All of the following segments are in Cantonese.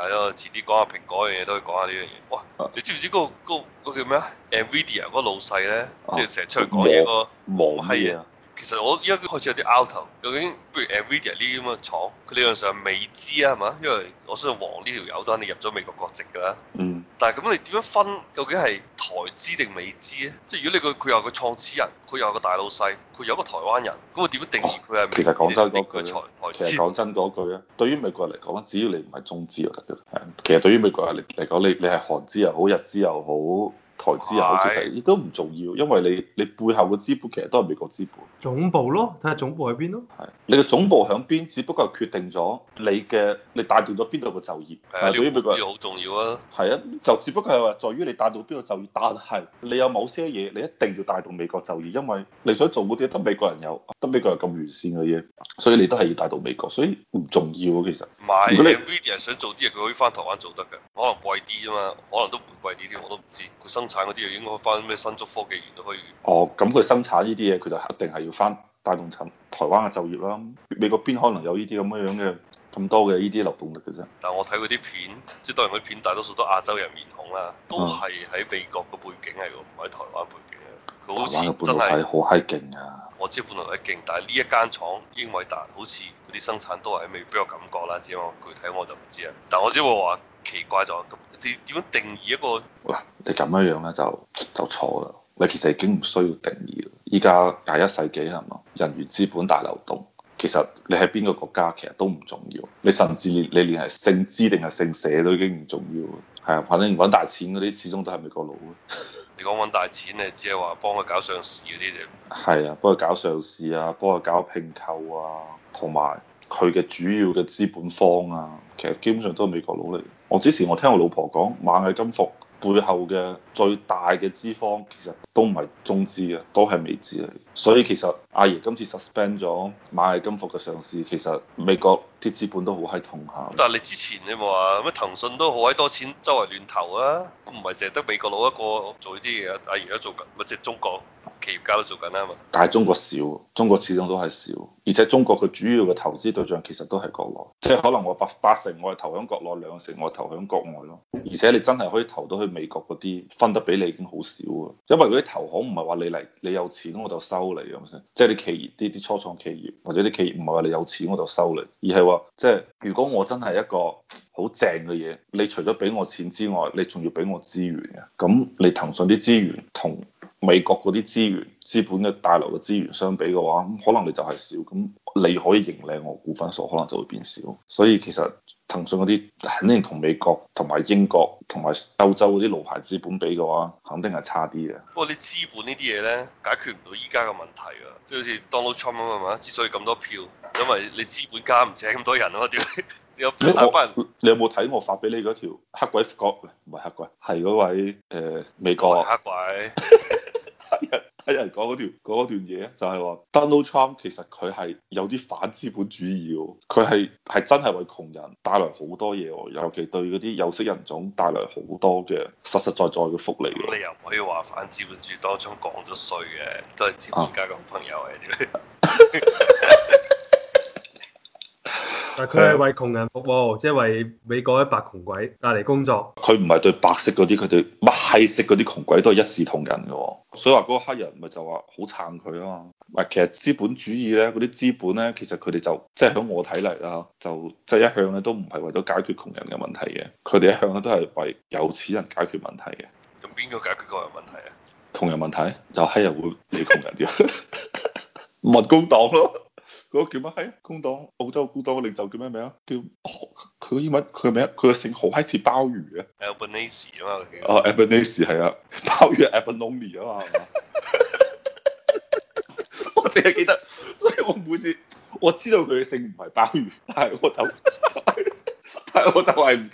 係咯，遲啲講下蘋果樣嘢都可以講下呢樣嘢。哇，你知唔知嗰個、嗰個、嗰個、叫咩啊？NVIDIA 嗰個老細咧，即係成日出去講嘢個黃咩啊？這個、啊其實我依家開始有啲 out 頭。究竟不如 NVIDIA 呢啲咁嘅廠，佢理論上未知啊，係嘛？因為我相信黃呢條友都肯定入咗美國國籍㗎啦。嗯。但係咁，你點樣分？究竟係台資定美資咧？即係如果你個佢又個創始人，佢又個大老細，佢又一個台灣人，咁我點樣定義佢係美資，哦？其實講真嗰句，其實講真嗰句咧，對於美國人嚟講，只要你唔係中資就得㗎。其實對於美國人嚟嚟講，你你係韓資又好，日資又好。台資啊，其實亦都唔重要，因為你你背後嘅資本其實都係美國資本。總部咯，睇下總部喺邊咯。係。你嘅總部喺邊，只不過係決定咗你嘅你帶動咗邊度嘅就業。係啊，對於美國好重要啊。係啊，就只不過係話在於你帶動到邊度就業，但係你有某些嘢你一定要帶到美國就業，因為你想做嗰啲得美國人有，得美國人咁完善嘅嘢，所以你都係要帶到美國，所以唔重要啊其實。唔係是，如果你想做啲嘢，佢可以翻台灣做得嘅。可能貴啲啫嘛，可能都唔會貴啲添，我都唔知佢生產嗰啲啊，應該翻咩新竹科技園都可以。哦，咁佢生產呢啲嘢，佢就一定係要翻帶動台灣嘅就業啦。美國邊可能有呢啲咁嘅樣嘅咁多嘅呢啲勞動力嘅啫。但係我睇佢啲片，即係當然啲片，大多數都亞洲人面孔啦，都係喺美國嘅背景係喎，唔係台灣背景啊。好真台灣嘅本土係好閪勁啊！我知本土係勁，但係呢一間廠英偉達好似嗰啲生產都係未必有感覺啦，只係我具體我就唔知啦。但我只會話。奇怪就咁，你點樣定義一個嗱？你咁樣樣咧就就錯啦。你其實已經唔需要定義啦。依家廿一世紀係嘛，人員資本大流動，其實你喺邊個國家其實都唔重要。你甚至你連係姓資定係姓社都已經唔重要。係啊，反正揾大錢嗰啲始終都係美國佬。你講揾大錢你只係話幫佢搞上市嗰啲啫。係啊，幫佢搞上市啊，幫佢搞下拼購啊，同埋。佢嘅主要嘅資本方啊，其實基本上都係美國佬嚟。我之前我聽我老婆講，螞蟻金服背後嘅最大嘅資方其實都唔係中資啊，都係美資嚟。所以其實阿爺今次 suspend 咗螞蟻金服嘅上市，其實美國啲資本都好喺同行。但係你之前你話乜騰訊都好喺多錢周圍亂投啊，都唔係淨係得美國佬一個做呢啲嘢。啊，阿爺而家做緊咪即係中國。企業家都做緊啦嘛，但係中國少，中國始終都係少，而且中國佢主要嘅投資對象其實都係國內，即係可能我八八成我係投響國內，兩成我投響國外咯，而且你真係可以投到去美國嗰啲，分得比你已經好少啊，因為嗰啲投行唔係話你嚟你有錢我就收你，咁先？即係啲企業啲啲初創企業或者啲企業唔係話你有錢我就收你，而係話即係如果我真係一個好正嘅嘢，你除咗俾我錢之外，你仲要俾我資源嘅，咁你騰訊啲資源同。美國嗰啲資源資本嘅大樓嘅資源相比嘅話，咁可能你就係少咁，你可以盈利，我股份數可能就會變少。所以其實騰訊嗰啲肯定同美國、同埋英國、同埋歐洲嗰啲老牌資本比嘅話，肯定係差啲嘅。不過你資本呢啲嘢咧，解決唔到依家嘅問題啊。即係好似 Donald Trump 咁啊嘛。之所以咁多票，因為你資本家唔請咁多人啊嘛。屌你，你有冇睇我發俾你嗰條黑鬼，唔係黑鬼，係嗰位誒、呃、美國黑鬼。 係人係人講嗰段嘢就係話 Donald Trump 其實佢係有啲反資本主義喎，佢係係真係為窮人帶來好多嘢喎，尤其對嗰啲有色人種帶來好多嘅實實在在嘅福利嘅。你又唔可以話反資本主義當中講咗稅嘅，都係資本家嘅朋友嘅。啊 但佢係為窮人服務，嗯、即係為美國一白窮鬼帶嚟工作。佢唔係對白色嗰啲，佢對乜黑色嗰啲窮鬼都係一視同仁嘅喎、哦。所以話嗰個黑人咪就話好撐佢啊嘛。唔係，其實資本主義咧，嗰啲資本咧，其實佢哋就即係喺我睇嚟啦，就即、是、係一向咧都唔係為咗解決窮人嘅問題嘅，佢哋一向咧都係為有錢人解決問題嘅。咁邊個解決窮人問題啊？窮人問題就黑人會理窮人啫，民 工黨咯。嗰個叫乜閪、哎、工黨？澳洲工黨嘅領袖叫咩名？叫、哦、名啊？叫佢個英文佢個名，佢個姓好閪似鮑魚嘅。Albanese 啊哦 Albanese 係啊，鮑魚係 abalone 啊嘛， 我淨係記得，所以我每次我知道佢嘅姓唔係鮑魚，但係我就 但係我就係唔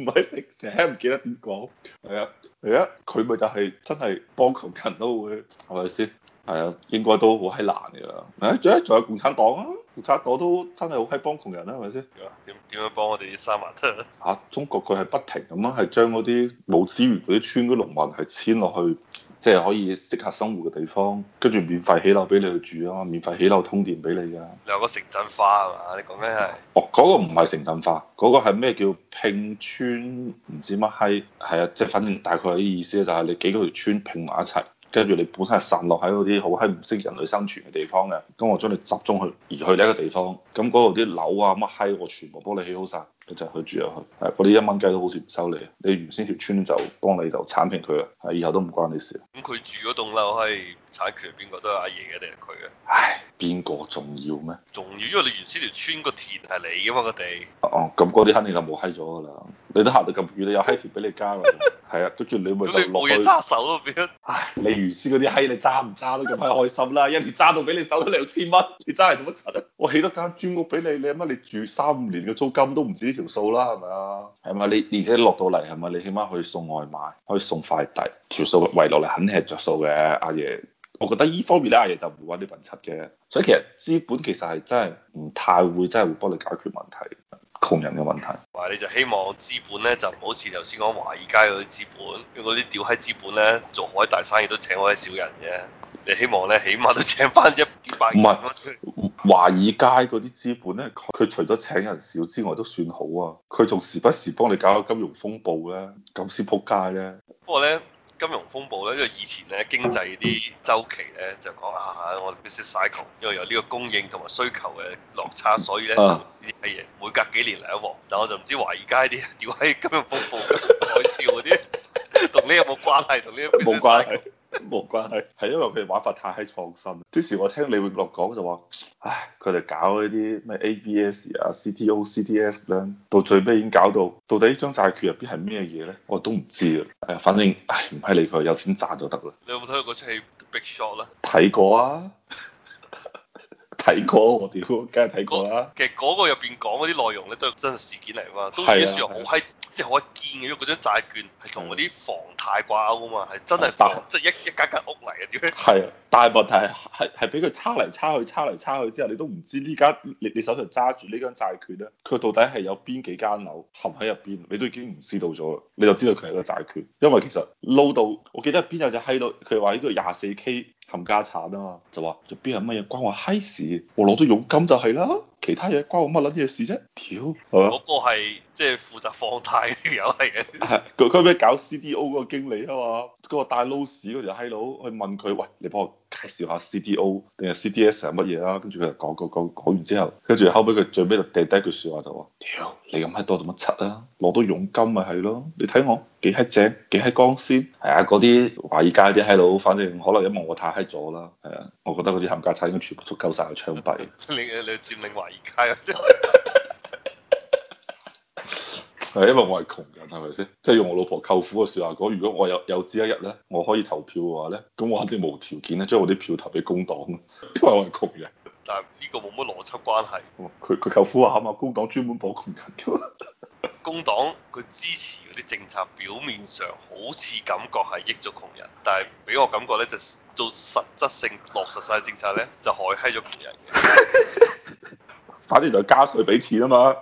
唔係姓，成日唔記得點講。係啊，係啊，佢咪就係真係幫窮人都會係咪先？ 係啊，應該都好閪難嘅啦。仲有仲有共產黨啊，共產黨都真係好閪幫窮人啊，係咪先？點點樣幫我哋啲三萬？嚇、啊！中國佢係不停咁樣係將嗰啲冇資源嗰啲村嗰啲農民係遷落去，即係可以適合生活嘅地方，跟住免費起樓俾你去住啊，免費起樓通電俾你㗎。你有個城鎮化係嘛？你講咩係？哦、啊，嗰個唔係城鎮化，嗰個係咩叫拼村？唔知乜閪？係啊，即係反正大概啲意思就係你幾個村拼埋一齊。跟住你本身係散落喺嗰啲好閪唔識人類生存嘅地方嘅，咁我將你集中去移去呢一個地方，咁嗰度啲樓啊乜閪，我全部幫你起好曬。你就去住入去，係嗰啲一蚊雞都好似唔收你。你原先條村就幫你就剷平佢啦，係以後都唔關你事。咁佢住嗰棟樓係產權邊個？都係阿爺嘅定係佢嘅？唉，邊個重要咩？重要，因為你原先條村個田係你噶嘛個地。哦、啊，咁嗰啲肯定就冇閪咗啦。你都行到咁遠，你有閪田俾你加㗎，係 啊。跟住你咪，咁你冇嘢揸手咯，變咗。唉，你原先嗰啲閪你揸唔揸都咁閪開心啦， 一年揸到俾你手，多兩千蚊，你揸嚟做乜柒？我起多間磚屋俾你，你乜你住三五年嘅租金都唔知。條數啦，係咪啊？係咪你？而且落到嚟，係咪你起碼可以送外賣，可以送快遞，條數圍落嚟，肯定係着數嘅，阿爺。我覺得呢方面咧，阿爺就唔會揾啲笨柒嘅。所以其實資本其實係真係唔太會真係會幫你解決問題，窮人嘅問題。嗱、啊，你就希望資本咧就唔好似頭先講華爾街嗰啲資本，嗰啲屌閪資本咧做海大生意都請海小人嘅。你希望咧起碼都請翻一唔係華爾街嗰啲資本咧，佢除咗請人少之外都算好啊！佢仲時不時幫你搞下金融風暴咧，咁先仆街啫。不過咧，金融風暴咧，因為以前咧經濟啲周期咧就講啊，我 business cycle，因為有呢個供應同埋需求嘅落差，所以咧呢啲嘢、啊、每隔幾年嚟一鑊。但我就唔知華爾街啲吊起金融風暴嘅海嘯嗰啲，同呢 有冇關係？同呢冇關係。冇關係，係因為佢哋玩法太喺創新。啲時我聽李永樂講就話，唉，佢哋搞 BS, TO, 呢啲咩 ABS 啊、CTO、CTS 咧，到最尾已經搞到，到底呢張債券入邊係咩嘢咧？我都唔知啊。誒，反正唉，唔閪理佢，有錢賺就得啦。你有冇睇過出戲《Big Shot》咧？睇過啊，睇 過、啊、我屌，梗係睇過啦、啊那個。其實嗰個入邊講嗰啲內容咧，都係真實事件嚟嘛。都係啊。即係我見嘅嗰張債券係同嗰啲房貸掛鈎啊嘛，係真係即係一一間間屋嚟嘅，點解係？但係問題係係係俾佢叉嚟叉去、叉嚟叉去之後，你都唔知呢間你你手上揸住呢張債券咧，佢到底係有邊幾間樓含喺入邊，你都已經唔知道咗。你就知道佢係一個債券，因為其實撈到，我記得邊有隻閪到，佢話呢個廿四 K 冚家產啊嘛，就話入邊有乜嘢關我閪事，我攞到佣金就係啦。其他嘢關我乜撚嘢事啫？屌、啊，係嘛？嗰個係即係負責放貸條友係嘅，係佢後尾搞 CDO 嗰個經理啊嘛，嗰、嗰個帶老鼠嗰條閪佬去問佢，喂，你幫我介紹下 CDO 定係 CDS 係乜嘢啦？跟住佢就講講講講完之後，跟住後尾佢最尾就掟低一句説話就話：屌， 你咁閪多做乜柒啊？攞到佣金咪係咯？你睇我幾閪正，幾閪光鮮。」係啊！嗰啲華爾街啲閪佬，反正可能因為我太閪咗啦，係啊，我覺得嗰啲冚家鏟應該全部足夠晒佢槍斃 你。你你佔領華。係，係 因為我係窮人，係咪先？即係用我老婆舅父嘅説話講，如果我有有朝一日咧，我可以投票嘅話咧，咁我肯定無條件咧將我啲票投俾工黨。因為我係窮人，但係呢個冇乜邏輯關係。佢佢、哦、舅父話啊嘛，工黨專門保窮人。工黨佢支持嗰啲政策，表面上好似感覺係益咗窮人，但係俾我感覺咧，就做實質性落實晒政策咧，就害閪咗窮人。 反正就加稅俾錢啊嘛，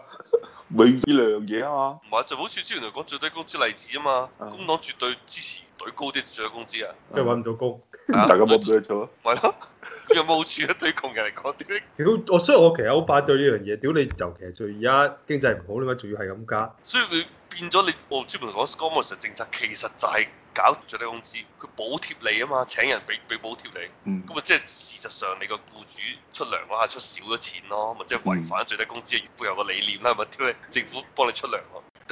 永遠 呢兩樣嘢啊嘛，唔係就好似之前嚟講最低工資例子啊嘛，工黨絕對支持。佢高啲就最低工資啊，因為揾唔到工，大家冇嘢做啊，咪咯，佢又冇好處啊！對窮人嚟講，屌，府，我所以我其實好反對呢樣嘢。屌你，尤其係最而家經濟唔好，你咪仲要係咁加。所以佢變咗你，我專門講 Government 政策，其實就係搞最低工資，佢補貼你啊嘛，請人俾俾補貼你。咁啊、嗯，即係事實上你個僱主出糧嗰下出少咗錢咯，咪即係違反最低工資啊，背後、嗯、有個理念啦，係咪？屌你，政府幫你出糧。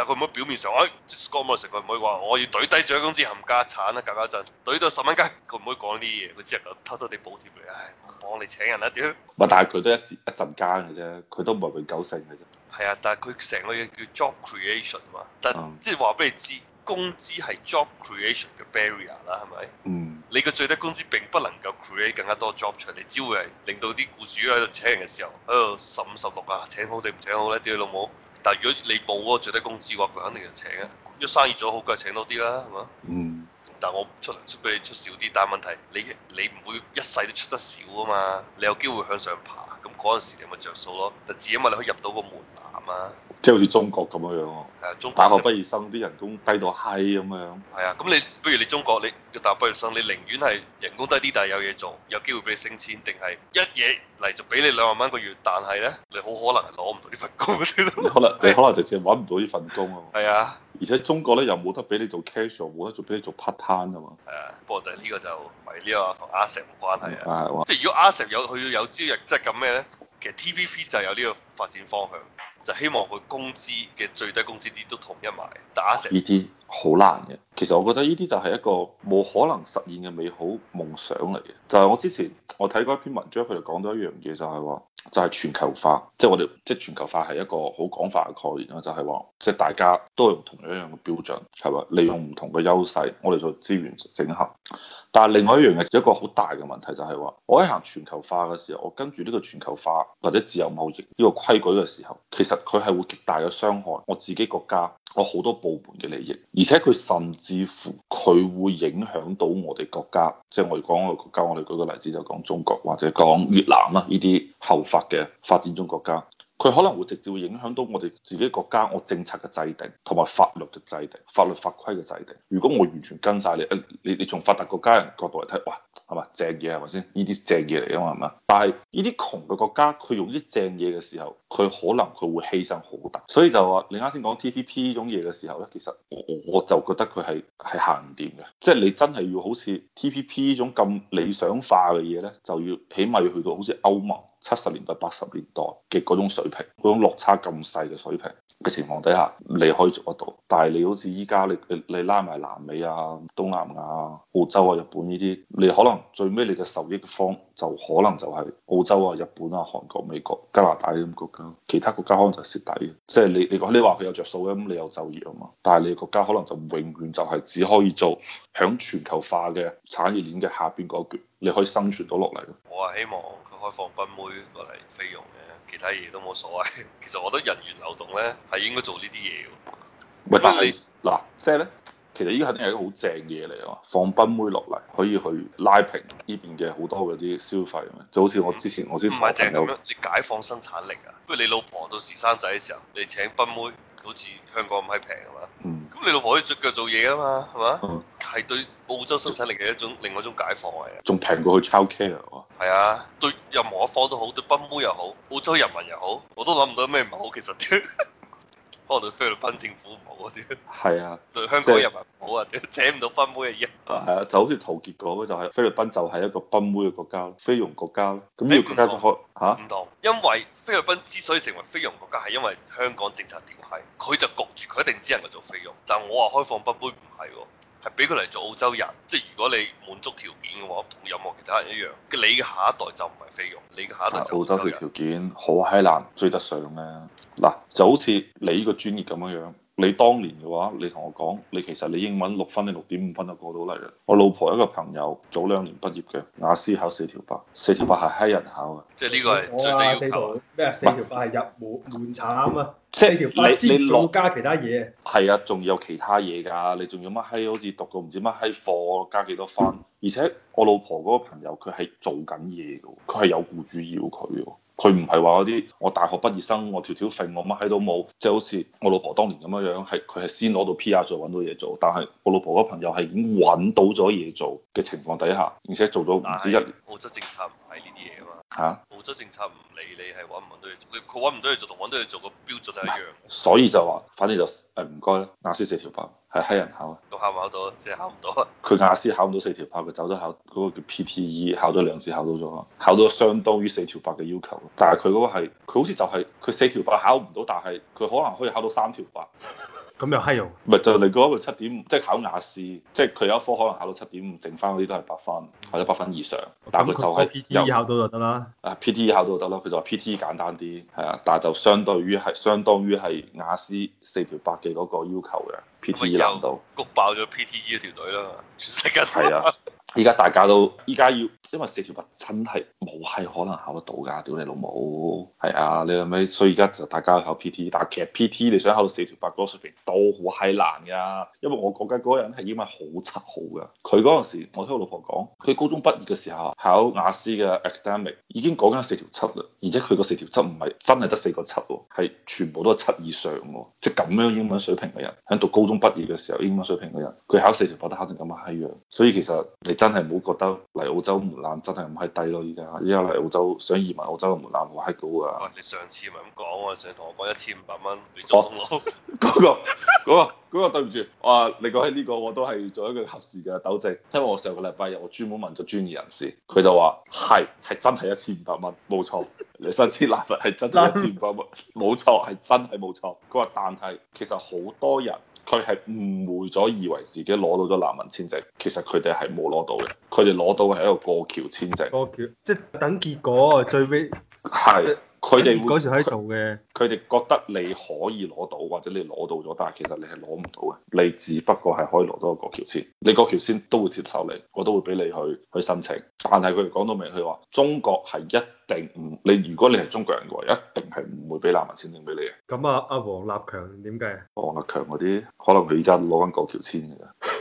但佢唔可以表面上，哎即係 s come 落嚟食，佢唔可以話我要懟低咗啲咁冚家產啊，搞搞震懟到十蚊雞。佢唔可以講呢啲嘢，佢只係咁偷偷地補貼嚟，唉，幫你請請人啦屌！唔係，但係佢都一時一陣間嘅啫，佢都唔係永久性嘅啫。係啊，但係佢成個嘢叫 job creation 啊嘛，但即係話俾你知。嗯嗯工資係 job creation 嘅 barrier 啦，係咪？嗯。你個最低工資並不能夠 create 更加多 job 出嚟，你只會係令到啲僱主喺度請人嘅時候，喺度十五十六啊請好定唔請好咧屌老母！但如果你冇嗰個最低工資嘅話，佢肯定就請啊，因生意做好梗係請多啲啦，係嘛？嗯、mm.。但係我出出俾你出少啲，但係問題你你唔會一世都出得少啊嘛，你有機會向上爬，咁嗰陣時你咪着數咯，但只因為你可以入到個門檻。係即係好似中國咁樣樣，大、啊、學畢業生啲人工低到閪咁樣。係啊，咁你不如你中國，你個大學畢業生，你寧願係人工低啲，但係有嘢做，有機會俾你升遷，定係一嘢嚟就俾你兩萬蚊個月，但係咧，你好可能係攞唔到呢份工。可能、 啊、你可能直接係揾唔到呢份工啊。係啊，而且中國咧又冇得俾你做 casual，冇得做俾你做 part time 啊嘛。係啊，不過第呢個就唔係呢個同阿成 i 冇關係啊。即係、啊、如果阿成有佢要有招人，即係咁咩咧？其實 TVP 就係有呢個發展方向。就希望佢工資嘅最低工資啲都統一埋，打成。好難嘅，其實我覺得呢啲就係一個冇可能實現嘅美好夢想嚟嘅。就係我之前我睇過一篇文章，佢就講到一樣嘢，就係話就係全球化，即係我哋即係全球化係一個好廣泛嘅概念啊。就係話即係大家都用同樣一樣嘅標準，係嘛？利用唔同嘅優勢，我哋做資源整合。但係另外一樣嘢，一個好大嘅問題就係話，我喺行全球化嘅時候，我跟住呢個全球化或者自由貿易呢個規矩嘅時候，其實佢係會極大嘅傷害我自己國家。我好多部門嘅利益，而且佢甚至乎佢會影響到我哋國家，即係我哋講我哋國家，我哋舉個例子就講中國或者講越南啦，呢啲後發嘅發展中國家。佢可能會直接影響到我哋自己國家我政策嘅制定，同埋法律嘅制定，法律法規嘅制定。如果我完全跟晒你，誒，你你從發達國家人角度嚟睇，哇，係嘛正嘢係咪先？呢啲正嘢嚟啊嘛，係嘛？但係呢啲窮嘅國家，佢用啲正嘢嘅時候，佢可能佢會犧牲好大。所以就話你啱先講 T P P 呢種嘢嘅時候咧，其實我我就覺得佢係係行唔掂嘅。即係、就是、你真係要好似 T P P 呢種咁理想化嘅嘢咧，就要起碼要去到好似歐盟。七十年代、八十年代嘅嗰種水平，嗰種落差咁細嘅水平嘅情況底下，你可以做得到。但係你好似依家，你你拉埋南美啊、東南亞、澳洲啊、日本呢啲，你可能最尾你嘅受益方就可能就係澳洲啊、日本啊、韓國、美國、加拿大咁國家。其他國家可能就蝕底，即係你你你話佢有着數嘅咁，你有就業啊嘛。但係你國家可能就永遠就係只可以做響全球化嘅產業鏈嘅下邊嗰一你可以生存到落嚟咯。我係希望佢開放賓妹落嚟飛用嘅，其他嘢都冇所謂。其實我覺得人員流動咧係應該做呢啲嘢嘅喎。喂，但係嗱，即係咧，其實依個肯定係一個好正嘢嚟喎。放賓妹落嚟可以去拉平呢邊嘅好多嗰啲消費，就好似我之前、嗯、我先話。唔係正咁樣，你解放生產力啊。不如你老婆到時生仔嘅時候，你請賓妹，好似香港咁閪平啊嘛。咁、嗯、你老婆可以著腳做嘢啊嘛，係嘛？嗯係對澳洲生產力嘅一種另外一種解放嚟嘅，仲平過去 child care 啊！係啊，對任何一方都好，對賓妹又好，澳洲人民又好，我都諗唔到咩唔好，其實啲可能對菲律賓政府唔好啲，係啊的，對香港人民唔好啊，請唔的到賓妹嘅一。係啊，就好似陶傑講嘅，就係、是、菲律賓就係一個賓妹嘅國家，菲傭國家咯。咁呢個國家就開嚇唔同，、啊、同，因為菲律賓之所以成為菲傭國家，係因為香港政策調係，佢就焗住佢一定只能夠做菲傭，但係我話開放賓妹唔係喎。係俾佢嚟做澳洲人，即係如果你滿足條件嘅話，同任何其他人一樣，你嘅下一代就唔係菲傭，你嘅下一代就澳洲人。澳洲嘅條件好閪難追得上咧、啊，嗱就好似你呢個專業咁樣樣。你當年嘅話，你同我講，你其實你英文六分定六點五分就過到嚟啦。我老婆一個朋友早兩年畢業嘅，雅思考四條八，四條八係閪人考啊！即係呢個係最低要求。咩、哦、四，四條八係入門門檻啊！四條八知你後再你加其他嘢啊！係啊，仲有其他嘢㗎，你仲要乜閪？好似讀到唔知乜閪課，For, 加幾多分？而且我老婆嗰個朋友，佢係做緊嘢㗎，佢係有僱主要佢㗎。佢唔係話啲，我大學畢業生，我條條馭，我乜閪都冇，即係好似我老婆當年咁樣樣，係佢係先攞到 PR 再揾到嘢做，但係我老婆個朋友係已經揾到咗嘢做嘅情況底下，而且做咗唔止一年。澳洲政策唔係呢啲嘢吓、啊，澳洲政策唔理你係搵唔搵到嘢做，佢搵唔到嘢做同搵到嘢做個標準係一樣、啊。所以就話，反正就誒唔該，雅思四條八係黑人考考唔考到，即係考唔到。佢雅思考唔到四條八，佢走咗考嗰、那個叫 PTE，考咗兩次考到咗，考到，考到相當於四條八嘅要求。但係佢嗰個係，佢好似就係、是、佢四條八考唔到，但係佢可能可以考到三條八。 咁又閪喎，唔係就嚟嗰個七點五，即係考雅思，即係佢有一科可能考到七點五，剩翻嗰啲都係八分或者八分以上，但係就係又考到就得啦。啊，PTE 考到就得啦。佢就話 PTE 簡單啲，係啊，但係就相對於係相當於係雅思四條百嘅嗰個要求嘅 PTE 難到，谷爆咗 PTE 嗰條隊啦，全世界都係啊！依家大家都依家要。因為四條八真係冇係可能考得到㗎，屌你老母，係啊，你咁樣，所以而家就大家考 P.T.，但係其實 P.T. 你想考到四條八嗰個水平，都好係難㗎。因為我講緊嗰個人係英文好七好㗎，佢嗰陣時我聽我老婆講，佢高中畢業嘅時候考雅思嘅 academic 已經講緊四條七啦，而且佢個四條七唔係真係得四個七喎，係全部都係七以上喎。即係咁樣英文水平嘅人，喺讀高中畢業嘅時候英文水平嘅人，佢考四條八都考成咁嘅閪樣，所以其實你真係冇覺得嚟澳洲。難真係唔係低咯，依家依家嚟澳洲想移民澳洲嘅門檻好閪高啊、哦！你上次咪咁講喎，上次同我講一千五百蚊，你中我嗰、哦嗰個嗰、嗰個嗰、嗰個對唔住，我話你講起呢個我都係做一個合時嘅糾正，因為我上個禮拜日我專門問咗專業人士，佢就話係係真係一千五百蚊，冇錯， 你上次難份係真係一千五百蚊，冇錯係真係冇錯，佢話但係其實好多人。佢係誤會咗，以為自己攞到咗難民簽證。其實佢哋係冇攞到嘅。佢哋攞到係一個過橋簽證。過橋即係等結果，最尾。係。佢哋會，佢哋覺得你可以攞到，或者你攞到咗，但係其實你係攞唔到嘅，你只不過係可以攞到一個過橋簽，你過橋簽都會接受你，我都會俾你去去申請。但係佢哋講到明，佢話中國係一定唔，你如果你係中國人嘅話，一定係唔會俾難民簽證俾你嘅。咁啊，阿、啊、王立強點計啊？王立強嗰啲，可能佢依家攞緊過橋簽嘅。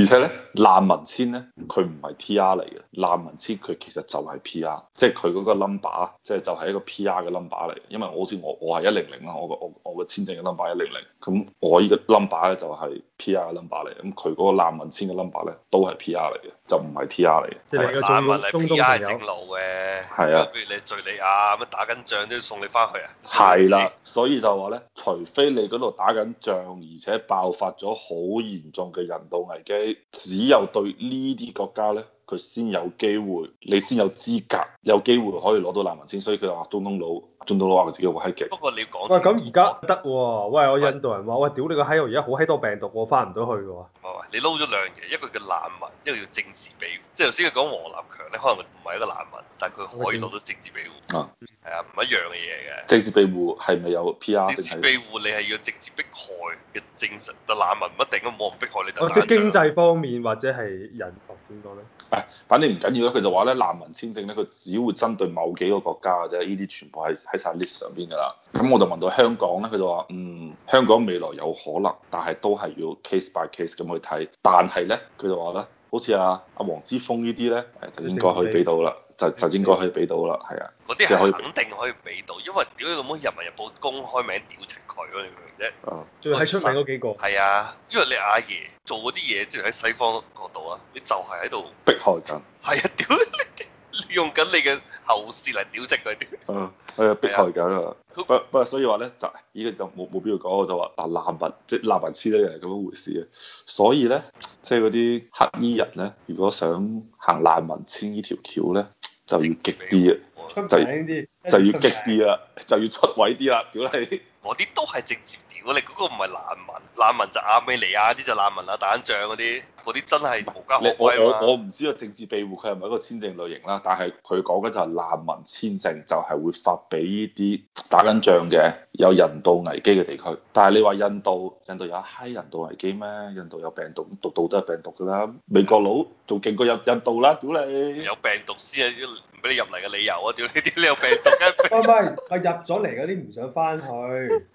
而且呢，難民簽呢，佢唔係 T R 嚟嘅，難民簽佢其實就係 P R，即係佢嗰個 number，即係就係、是、一個 P R 嘅 number 嚟。因為我好似我我係一零零啦，我, 100，我，我，我，的100，我個簽證個嘅 number 一零零，咁我依個 number 咧就係 P R 嘅 number 嚟，咁佢嗰個難民簽嘅 number 呢，都係 P R 嚟嘅。就唔係 T R 嚟嘅，即係難話嚟 T R 係正路嘅。係啊，比如你敘利亞咁打緊仗都要送你翻去啊。係啦，所以就話咧，除非你嗰度打緊仗，而且爆發咗好嚴重嘅人道危機，只有對呢啲國家咧。佢先有機會，你先有資格，有機會可以攞到難民先，所以佢話：中東佬，中東佬話佢自己好閪勁。哎、不過你講，喂咁而家唔得喎，喂我印度人話：喂，屌你個閪，而家好閪多病毒喎、啊，翻唔到去喎、啊哎哎。你撈咗兩嘢，一個叫難民，一個叫政治庇護。即係頭先佢講王立強，你可能唔係一個難民，但係佢可以攞到政、啊、政治庇護是是。啊，係啊，唔一樣嘅嘢嘅。政治庇護係咪有 PR？政治庇護你係要政治迫害嘅精神，就難民唔一定都冇人迫害你。哦、啊，即係經濟方面或者係人，哦點講咧？反正唔緊要啦，佢就話咧，難民簽證咧，佢只會針對某幾個國家嘅啫，依啲全部係喺晒 list 上邊噶啦。咁我就問到香港咧，佢就話：「嗯，香港未來有可能，但係都係要 case by case 咁去睇。」但係咧，佢就話：咧，好似阿阿黃之鋒呢啲咧，就應該可以俾到啦。就就應該可以俾到啦，係啊，嗰啲係肯定可以俾到，因為屌你咁樣人民日報公開名屌即佢咯，明唔明啫？啊，最衰嗰幾個，係啊，因為你阿爺做嗰啲嘢，即係喺西方角度啊，你就係喺度逼害緊，係、嗯、啊，屌你，用緊你嘅後事嚟屌即佢啲，啊係啊逼害緊啊，不他不，不所以話咧就已經就冇冇必要講，我就話嗱難民即難民黐得又係咁樣回事啊，所以咧。即係嗰啲黑衣人咧，如果想行難民遷呢條橋咧，就要激啲啊！就係要就要激啲啦， 就要出位啲啦，表弟。嗰啲都係政治屌你，嗰個唔係難民，難民就亞美尼亞啲就是、難民啦，打緊仗嗰啲，嗰啲真係無家可歸啊嘛。我我唔知啊，知道政治庇護佢係咪一個簽證類型啦，但係佢講緊就係難民簽證，就係會發俾呢啲打緊仗嘅有人道危機嘅地區。但係你話印度，印度有一嗨人道危機咩？印度有病毒，毒毒都都都係病毒㗎啦。美國佬仲勁過印印度啦，屌你！有病毒先啊俾你入嚟嘅理由啊！屌呢啲，你有病毒？唔係唔係，係入咗嚟嗰啲唔想翻去。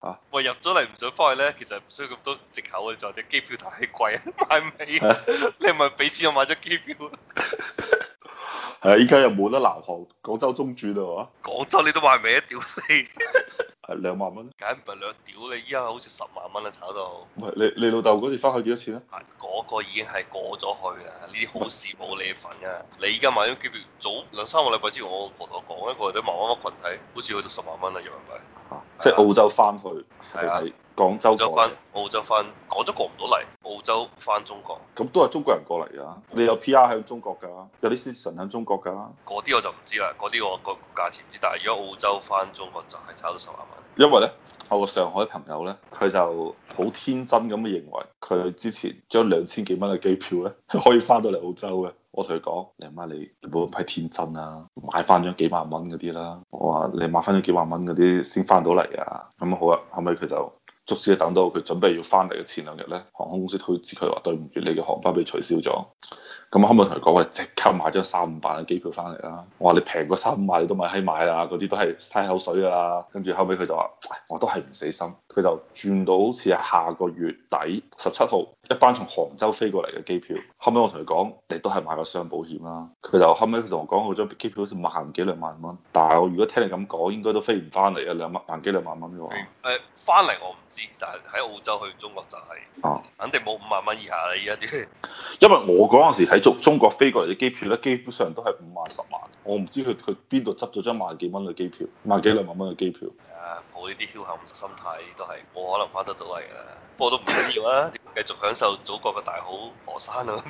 啊！ 喂，入咗嚟唔想翻去咧，其實唔需要咁多藉口嘅，仲有啲機票太貴，買唔起。 你係咪俾錢我買咗機票？係 啊，依家又冇得南航廣州中轉喎。廣州你都買唔起，屌你！係兩萬蚊，梗唔係兩屌你依家好似十萬蚊啊！炒到，唔係你你老豆嗰次翻去幾多錢啊？嗰個已經係過咗去啦，呢啲好事冇 你份啊！你依家買咗幾條？早兩三個禮拜之前，我婆同我講，一個喺馬鞍山群體，好似去到十萬蚊啦人民幣，即係澳洲翻去就係。底廣州翻澳洲翻廣州過唔到嚟，澳洲翻中國咁都係中國人過嚟㗎！你有 P R 喺中國㗎，有啲資神喺中國㗎，嗰啲我就唔知啦，嗰啲我、個價錢唔知，但係如果澳洲翻中國就，就係炒到十萬蚊。因為咧，我個上海朋友咧，佢就好天真咁嘅認為，佢之前將兩千幾蚊嘅機票咧，可以翻到嚟澳洲嘅。我同佢講，你唔好你唔好太天真啊，買翻咗幾萬蚊嗰啲啦，我話你買翻咗幾萬蚊嗰啲先翻到嚟啊，咁好啊，後尾佢就足足等到佢準備要翻嚟嘅前兩日呢，航空公司通知佢話對唔住，你嘅航班被取消咗。咁後尾同佢講，我即刻買咗三五萬嘅機票翻嚟啦。我話你平過三萬，你都買喺買啦，嗰啲都係嘥口水噶啦。跟住後尾，佢就話，我都係唔死心。佢就轉到好似係下個月底十七號一班從杭州飛過嚟嘅機票。後尾我同佢講，你都係買個雙保險啦。佢就後尾佢同我講，嗰張機票好似萬幾兩萬蚊。但係我如果聽你咁講，應該都飛唔翻嚟啊，兩萬萬幾兩萬蚊嘅話。誒，翻嚟我唔知，但係喺澳洲去中國就係、是，啊、肯定冇五萬蚊以下啦依家，因為我嗰陣時喺中中國飛過嚟嘅機票咧，基本上都係五萬十萬。我唔知佢佢邊度執咗張萬幾蚊嘅機票，萬幾兩萬蚊嘅機票。誒，我呢啲僥倖心態都係冇可能翻得到嚟嘅。不過都唔緊要啊，繼續享受祖國嘅大好河山咯。